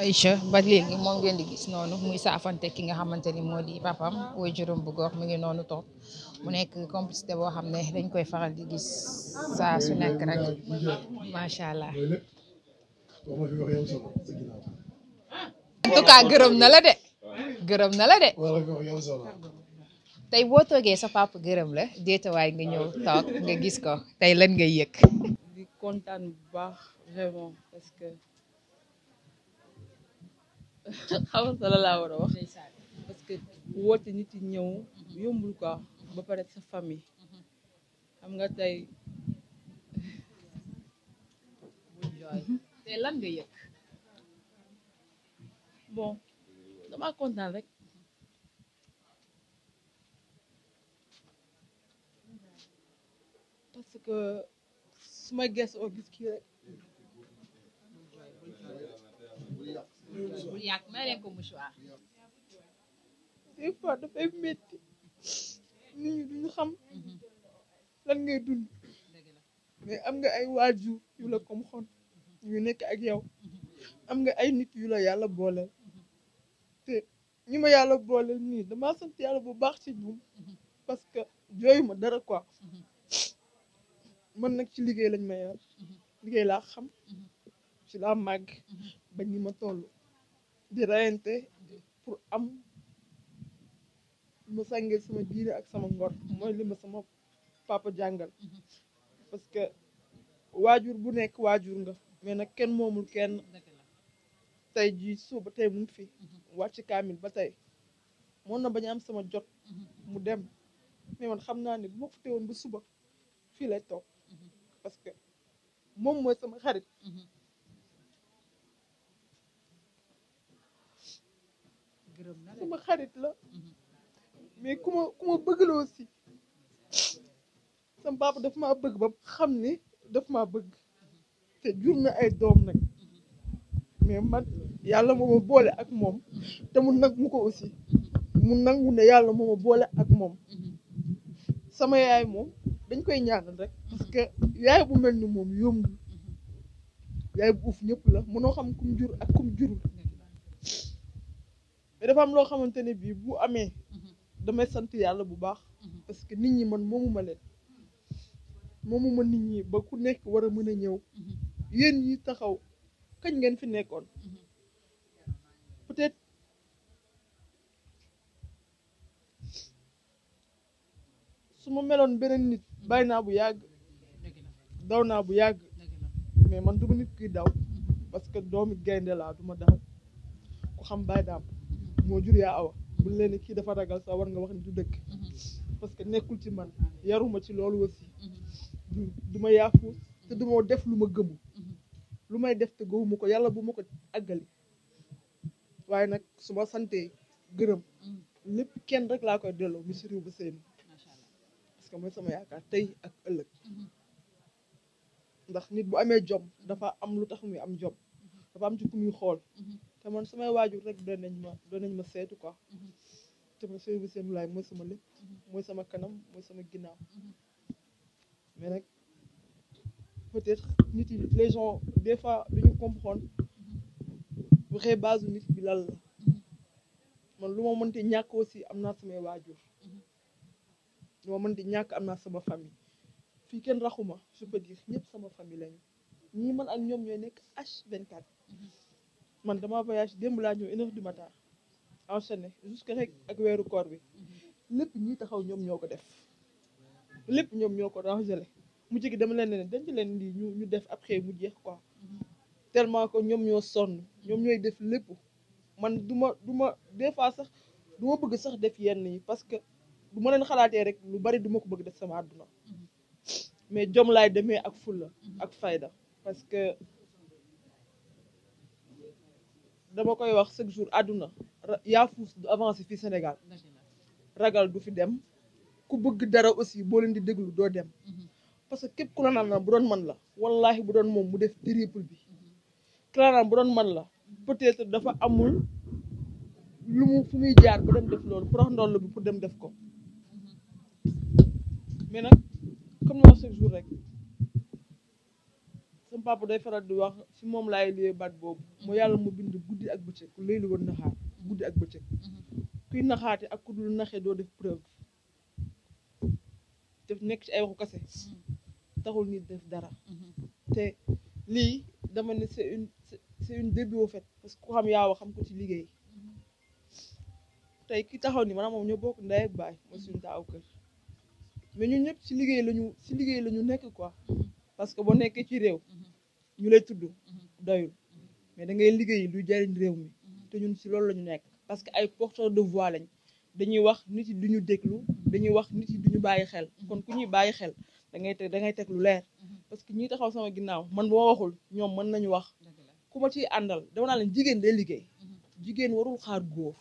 Aïcha ba léegi moom ngeen di gis noonu muy saafante ki nga xamante ni moo di papam woy juróom bu góor mu ngi noonu toog mu nekk complicité boo xam ne dañ koy faral di gis saa su nekk rek macha allah. en tout gërëm na la de. gërëm na la de. tey boo toogee sa papa gërëm la déetawaay nga ñëw toog nga gis ko tey lan ngay yëg. kontaan bu baax xaw sa la laa war a wax parce que woote nit yi ñëw yombul quoi ba pare sa famille xam nga tey tey lan nga yëg bon dama kontaan rek parce que su ma gëstoo gis kii rek bu yàgg may leen ko mouchoir des fois dafay métti nit ñi duñu xam mhm. lan ngay dund mais am nga ay waajur yu la comme xon mhm. yu nekk ak yow mhm. am nga ay nit yu la yàlla booleel te ñu ma yàlla booleel nii dama sant yàlla bu baax ci ñoom parce que jooyu ma dara quoi man nag ci liggéey lañ ma yar liggéey laa xam ci laa màgg ba ñi ma di rayante pour am mu sàngee sama diine ak sama ngor mooy li ma sama papa jàngal parce que waajur bu nekk waajur nga mais nag kenn moomul kenn tey jii suba tey mu fi wàcc kaamil ba tey mën na bañ sama jot mu dem mais man xam naa ni bu ma ko teewoon ba suba fii lay toog parce que moom mooy sama xarit xarit la mhm. mais ku ma ku ma bëgg la aussi sama papa daf ma bëgg ba xam ni daf maa bëgg te jur na ay doom nag mhm. mais man yàlla moo ma boole ak moom mhm. te mu nag mu ko aussi mu nangu ne yàlla moo ma boole ak moom sama yaay moom dañ koy ñaanal rek parce que yaay bu mel ni moom yombul yaay bu uuf ñëpp la noo xam kum jur ak kum jur mais dafa am loo xamante ne bii bu amee damay sant yàlla bu baax parce que nit ñi man moomu moomuma leen moomuma nit ñi ba ku nekk war a mën a ñëw yéen ñi taxaw kañ ngeen fi nekkoon peut-être su ma meloon beneen nit bàyyi naa bu yàgg daw naa bu yàgg mais man duma nit kuy daw parce que doomi gaynde laa duma daw ku xam bàyyi daam moo jur yaa awa buñ leen kii dafa ragal sa war nga wax ni du dëkk mhm. parce que nekkul ci man yaruma ci loolu aussi mhm. du du ma yaafuus te du def lu ma gëmu mhm. lu may def te gëwuma ko yàlla bu ma ko àggali waaye nag su ma santee gërëm lépp kenn rek laa koy delloo mu siriw ba seen parce que mooy sama yaakaar tey ak ëllëg ndax nit bu amee jom dafa am lu tax muy am jom dafa am ci ku muy xool te man samay waajur rek doon nañ ma doon nañ ma seetu quoi mhm. te man sëriñ bi seen laay mooy sama lépp mhm. mooy sama kanam mooy sama ginnaaw mhm. mais nag peut-être nit yi les gens des fois duñu comprendre vraie base nit bi lan man lu ma mënti ñàkk aussi am naa samay waajur lu ma mënti ñàkk am naa sama famille fii kenn raxuma je peux dire ñëpp sama famille lañu ñii man ak ñoom ñooy nekk H24 man dama voyage démb laa ñëw une heure du matin enchaîné jusque rek ak weeru koor bi lépp ñi taxaw ñoom ñoo ko def lépp ñoom ñoo ko le mu jigi dama leen ne dañ ci leen di ñu ñu def après mu jeex quoi tellement ko ñoom ñoo sonn ñoom ñooy def lépp man du ma du ma des fois sax du ma bëgg sax def yenn yi parce que du ma leen xalaatee rek lu bari duma ko bëgg def sama adduna mm-hmm. mais jom demee ak fulla ak fayda parce que dama koy wax chaque jour ya fous du avancer fi Sénégal ragal du fi dem ku bëgg dara aussi bo leen di déglu do dem parce que képp ku la naan bu doon man la wallahi bu doon mom mu def triple bi clara bu doon man la peut-être dafa amul lu mu fu muy jaar bu dem def lool prox ndol bi pour dem def ko mais nak comme chaque jour rek sama papa day feral di wax si moom laay liyee baat boobu moo yàlla mu bind guddi ak bëccëg ku léegi woon naxaat guddi ak bëccëg kuy naxaate ak ku dul naxee doo def preuve def nekk ci ay waxu kase taxul nit def dara te lii dama ne c'est une c'est une début au fait parce que ku xam yaaw xam ko ci liggéey tey ki taxaw ni maanaam moom ñoo bokk ndey ak baay mooy suñu taaw kër mais ñun ñëpp ci liggéey lañu ci liggéey la ñu nekk quoi parce que boo nekkee ci réew ñu lay tudd mhm. doyul mais da ngay liggéey lu jariñ réew mi mhm. te ñun si loolu lañu nekk parce que ay porteur de voix lañ dañuy wax nit yi duñu déglu dañuy wax nit yi duñu bàyyi xel mhm. kon ku ñuy bàyyi xel da ngay teg da ngay teg lu leer parce que ñi taxaw sama ginnaaw man boo waxul ñoom mën nañu wax ku ma ciy àndal dama naa leen jigéen day liggéey jigéen warul xaar góor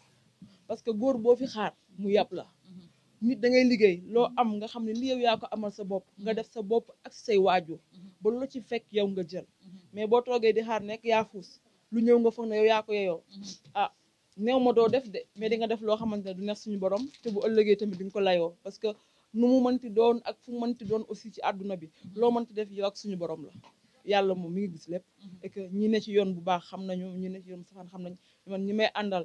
parce que góor boo fi xaar mu yàpp la nit da ngay liggéey loo am nga xam ne li yow yaa ko amal sa bopp nga def sa bopp ak say waajur ba loo ci fekk yow nga jël mais boo toogee di xaar nekk yaa fuus lu ñëw nga foog ne yow yaa ko yeyoo mm-hmm. ah néew ma doo def de mais di nga def loo xamante ne du neex suñu borom te bu ëllëgee tamit di nga ko layoo parce que nu mu mënti doon ak fu mu mënti doon aussi ci àdduna bi mm-hmm. loo mënti def yow ak suñu borom la yàlla moom mi ngi gis lépp mm-hmm. et ñi ne ci yoon bu baax xam nañu ñu ne ci yoon bu safaan xam nañu man ñi may àndal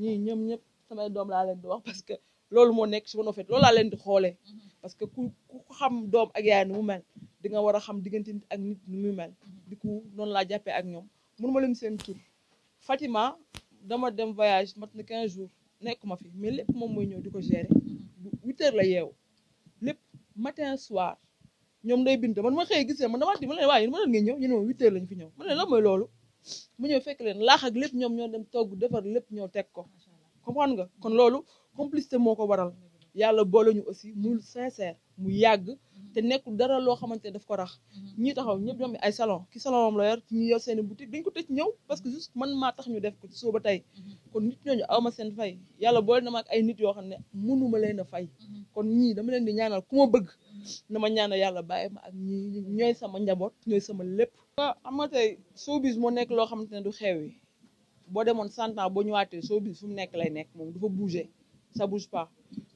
ñii ñëm ñëpp samay doom laa leen di wax parce que loolu moo nekk si man en loolu laa leen di xoolee parce que ku ku xam doom ak yaay nu mu mel di nga war a xam diggante nit ak nit nu muy mel du coup noonu laa jàppee ak ñoom mun ma lim seen tur Fatima dama dem voyage mat na 15 jours ma fi mais lépp moom mooy ñëw di ko gérer bu 8 heures la yeewu lépp matin soir ñoom day bind man ma xëy gis man dama di ma leen waaye ma leen ngay ñëw ñu ne ma 8 fi ñëw ma ne la mooy loolu mu ñëw fekk leen laax ak lépp ñoom ñoo dem togg defar lépp ñoo teg ko comprendre nga kon loolu complicité moo ko waral yàlla boole ñu aussi muy sincère mu yàgg. te nekkul dara loo xamante daf ko rax mhm. ñi taxaw ñëpp ñoom ay salon ki salon am la yor ñu yor seen i boutique ko tëj ñëw parce que man maa tax ñu def ko soo ba tey mhm. kon nit ñooñu awma seen fay yàlla boo na ma ak ay nit yoo xam ne mënuma leen a fay mhm. kon ñii dama leen di ñaanal ku ma bëgg na ma ñaanal yàlla bàyyi ma ak ñi ñooy sama njaboot ñooy sama lépp waaw xam nga tey moo nekk loo xamante ne du xew yi boo demoon cent ans boo ñëwaatee showbiz fu mu nekk lay nekk moom du fa bouger sa bouge pa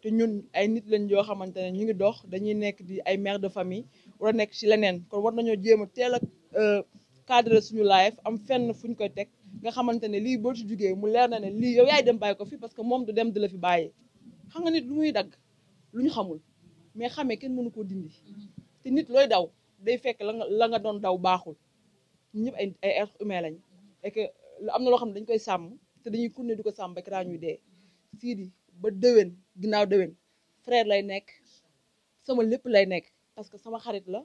te ñun ay nit lañ yoo xamante ne ñu ngi dox dañuy nekk di ay maire de famille war nekk ci leneen kon war nañoo jéem a teel a euh, cadre suñu life am fenn fu ñu koy teg nga xamante ne lii boo ci jugee mu leer na ne lii yow yaay dem bàyyi ko fi parce que moom du dem di fi bàyyi xam nga nit lu muy dagg lu ñu xamul mais xamee kenn mënu koo dindi te nit looy daw day fekk la nga la doon daw baaxul ñun ñëpp ay ay être humain lañ et que am na loo xam ne dañ koy sàmm te dañuy continuer di ko sàmm ba keraa ñuy di ba déwén ginnaaw déwén frère lay nekk sama lépp lay nekk parce que sama xarit la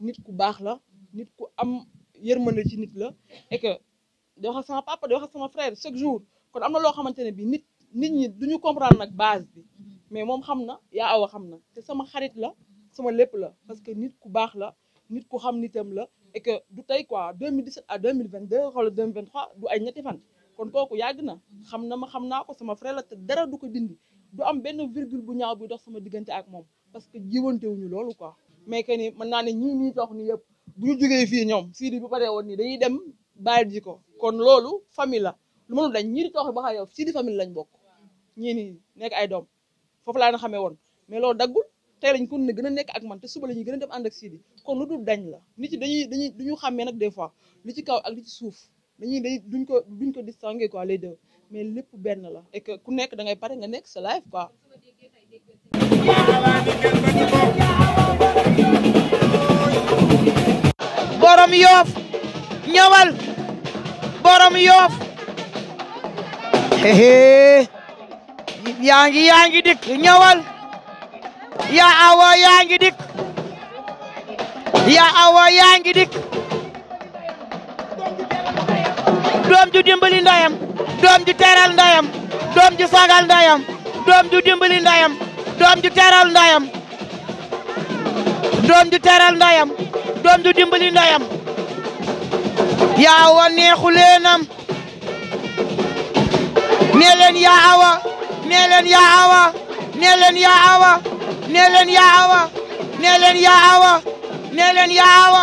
nit ku baax la nit ku am yërmande ci nit la et que di wax ak sama papa di wax ak sama frère chaque jour kon am na loo xamante ne bi nit ñi du ñu comprendre nag base bi mais moom xam na yaa a xam na te sama xarit la sama lépp la parce que nit ku baax la nit ku xam nitam la et que du tey quoi 2017 à 2022 xoolal 2023 du ay ñetti fan kon kooku yàgg na xam na ma xam naa ko sama frère la dara du ko dindi du am benn virgule bu ñaaw bi dox sama diggante ak moom parce que jiwante wuñu loolu quoi mais que ni mën naa ne ñii ñuy dox nii yëpp bu ñu jógee fii ñoom Sidi bu paree woon nii dañuy dem bàyyi ji ko kon loolu famille la lu mënul dañ ñii di toox ba xam yow Sidi famille lañ bokk ñii ni nekk ay doom foofu laa ne xamee woon mais loolu daggul te lañ ko ne gën a nekk ak man te suba la ñuy gën a dem ànd ak Sidi kon lu dañ la nit ci dañuy dañuy du ñu xàmmee nag des fois li ci kaw ak li ci suuf dañuy day duñ ko duñ ko distinguer quoi les deux mais lepp ben la et que ku nek da ngay paré nga nek ce live quoi. borom yof ñawal borom yof yaa yaangi yaangi dik ñawal ya awa yaangi dik ya awa yaangi dik doom ju dimbali ndayam doom ju teral ndayam doom ju sagal ndayam doom ju dimbali ndayam doom ju teral ndayam doom ju teral ndayam doom ju dimbali ndayam yaa awa neexu leenam nee leen yaa awa nee leen yaa awa nee leen yaa awa nee leen yaa awa nee leen yaa awa nee leen yaa awa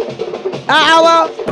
An hour.